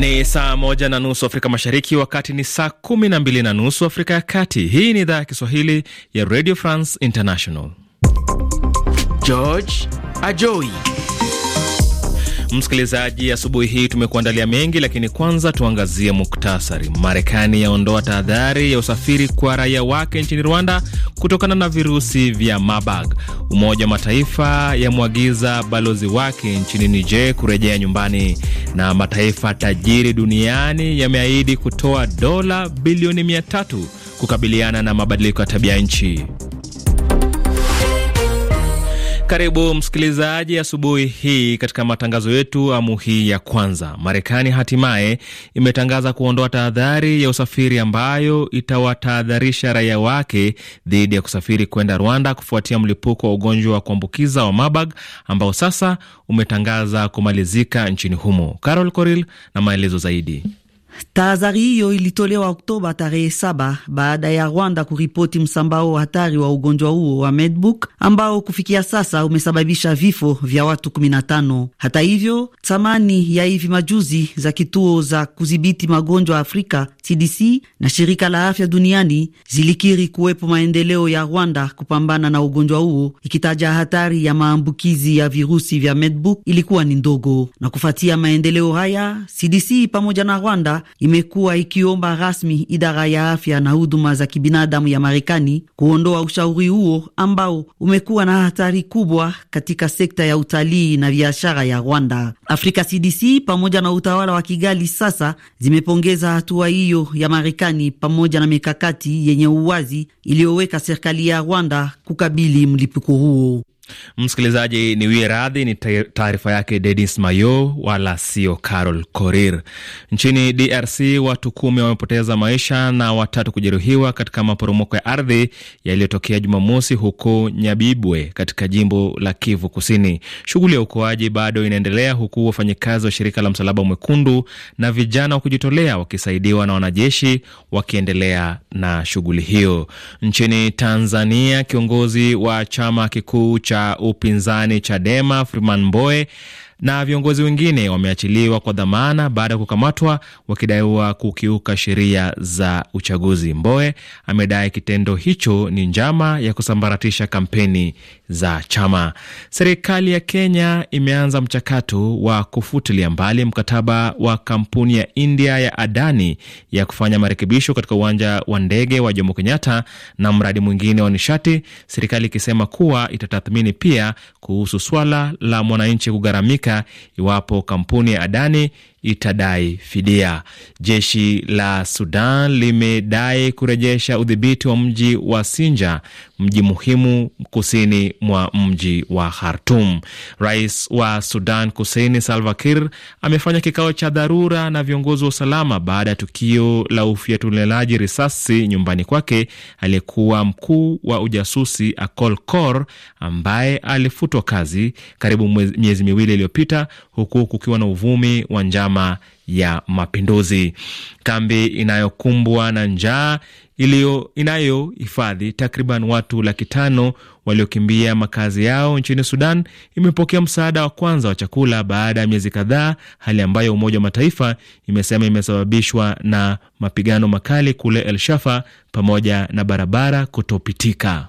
Ni saa moja na nusu Afrika Mashariki, wakati ni saa kumi na mbili na nusu Afrika ya Kati. Hii ni idhaa ya Kiswahili ya Radio France International. George Ajoi Msikilizaji, asubuhi hii tumekuandalia mengi, lakini kwanza tuangazie muktasari. Marekani yaondoa tahadhari ya usafiri kwa raia wake nchini Rwanda kutokana na virusi vya Marburg. Umoja wa Mataifa yamwagiza balozi wake nchini Niger kurejea nyumbani, na mataifa tajiri duniani yameahidi kutoa dola bilioni mia tatu kukabiliana na mabadiliko ya tabia nchi. Karibu msikilizaji asubuhi hii katika matangazo yetu amu hii ya kwanza. Marekani hatimaye imetangaza kuondoa tahadhari ya usafiri ambayo itawatahadharisha raia wake dhidi ya kusafiri kwenda Rwanda kufuatia mlipuko wa ugonjwa wa kuambukiza wa Marburg ambao sasa umetangaza kumalizika nchini humo. Carol Coril na maelezo zaidi. Tahadhari hiyo ilitolewa Oktoba tarehe saba baada ya Rwanda kuripoti msambao wa hatari wa ugonjwa huo wa Medbook ambao kufikia sasa umesababisha vifo vya watu 15. Hata hivyo, thamani ya hivi majuzi za kituo za kudhibiti magonjwa Afrika CDC na shirika la afya duniani zilikiri kuwepo maendeleo ya Rwanda kupambana na ugonjwa huo, ikitaja hatari ya maambukizi ya virusi vya Medbook ilikuwa ni ndogo. Na kufuatia maendeleo haya, CDC pamoja na Rwanda imekuwa ikiomba rasmi idara ya afya na huduma za kibinadamu ya Marekani kuondoa ushauri huo ambao umekuwa na hatari kubwa katika sekta ya utalii na biashara ya Rwanda. Afrika CDC pamoja na utawala wa Kigali sasa zimepongeza hatua hiyo ya Marekani pamoja na mikakati yenye uwazi iliyoweka serikali ya Rwanda kukabili mlipuko huo. Msikilizaji, niwie radhi, ni taarifa yake Denis Mayo, wala sio Carol Korir. Nchini DRC watu kumi wamepoteza maisha na watatu kujeruhiwa katika maporomoko ya ardhi yaliyotokea Jumamosi huko Nyabibwe katika jimbo la Kivu Kusini. Shughuli ya uokoaji bado inaendelea huku wafanyikazi wa shirika la Msalaba Mwekundu na vijana wa kujitolea wakisaidiwa na wanajeshi wakiendelea na shughuli hiyo. Nchini Tanzania, kiongozi wa chama kikuu cha cha upinzani Chadema Freeman Mbowe na viongozi wengine wameachiliwa kwa dhamana baada ya kukamatwa wakidaiwa kukiuka sheria za uchaguzi. Mboe amedai kitendo hicho ni njama ya kusambaratisha kampeni za chama. Serikali ya Kenya imeanza mchakato wa kufutilia mbali mkataba wa kampuni ya India ya Adani ya kufanya marekebisho katika uwanja wa ndege wa Jomo Kenyatta na mradi mwingine wa nishati, serikali ikisema kuwa itatathmini pia kuhusu swala la mwananchi kugharamika iwapo kampuni ya Adani itadai fidia. Jeshi la Sudan limedai kurejesha udhibiti wa mji wa Sinja, mji muhimu kusini mwa mji wa Khartum. Rais wa Sudan Kusini Salva Kiir amefanya kikao cha dharura na viongozi wa usalama baada ya tukio la ufyatulianaji risasi nyumbani kwake aliyekuwa mkuu wa ujasusi Akol Kor ambaye alifutwa kazi karibu miezi miwili iliyopita, huku kukiwa na uvumi wa njama chama ya Mapinduzi. Kambi inayokumbwa na njaa inayohifadhi takriban watu laki tano waliokimbia makazi yao nchini Sudan imepokea msaada wa kwanza wa chakula baada ya miezi kadhaa, hali ambayo Umoja wa Mataifa imesema imesababishwa na mapigano makali kule El Shafa pamoja na barabara kutopitika.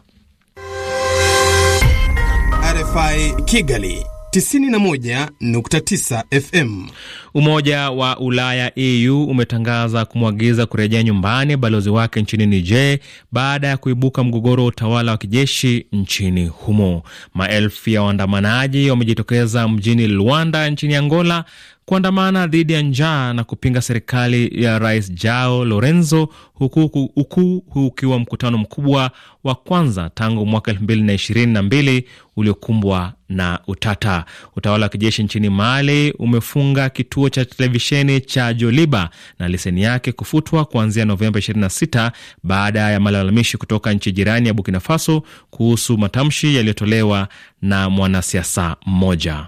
RFI Kigali 91.9 FM. Umoja wa Ulaya EU umetangaza kumwagiza kurejea nyumbani balozi wake nchini Niger baada ya kuibuka mgogoro wa utawala wa kijeshi nchini humo. Maelfu ya waandamanaji wamejitokeza mjini Luanda nchini Angola kuandamana dhidi ya njaa na kupinga serikali ya Rais Jao Lorenzo, huku ukiwa mkutano mkubwa wa kwanza tangu mwaka elfu mbili na ishirini na mbili uliokumbwa na utata. Utawala wa kijeshi nchini Mali umefunga kituo cha televisheni cha Joliba na leseni yake kufutwa kuanzia Novemba 26 baada ya malalamishi kutoka nchi jirani ya Burkina Faso kuhusu matamshi yaliyotolewa na mwanasiasa mmoja.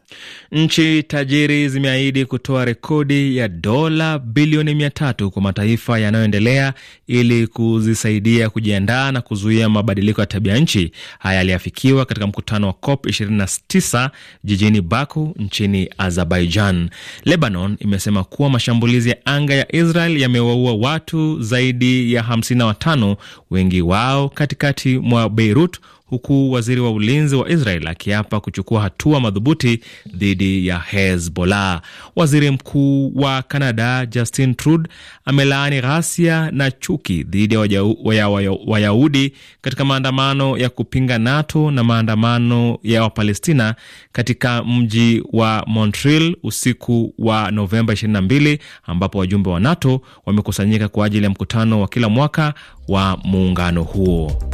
Nchi tajiri zimeahidi kutoa rekodi ya dola bilioni mia tatu kwa mataifa yanayoendelea ili kuzisaidia kujiandaa na kuzuia mabadiliko ya tabia nchi. Haya yaliafikiwa katika mkutano wa COP 29 jijini Baku nchini Azerbaijan. Lebanon imesema kuwa mashambulizi ya anga ya Israel yamewaua watu zaidi ya 55 wengi wao katikati mwa Beirut, huku waziri wa ulinzi wa Israel akiapa kuchukua hatua madhubuti dhidi ya Hezbollah. Waziri mkuu wa Kanada Justin Trudeau amelaani ghasia na chuki dhidi ya Wayahudi katika maandamano ya kupinga NATO na maandamano ya Wapalestina katika mji wa Montreal usiku wa Novemba 22 ambapo wajumbe wa NATO wamekusanyika kwa ajili ya mkutano wa kila mwaka wa muungano huo.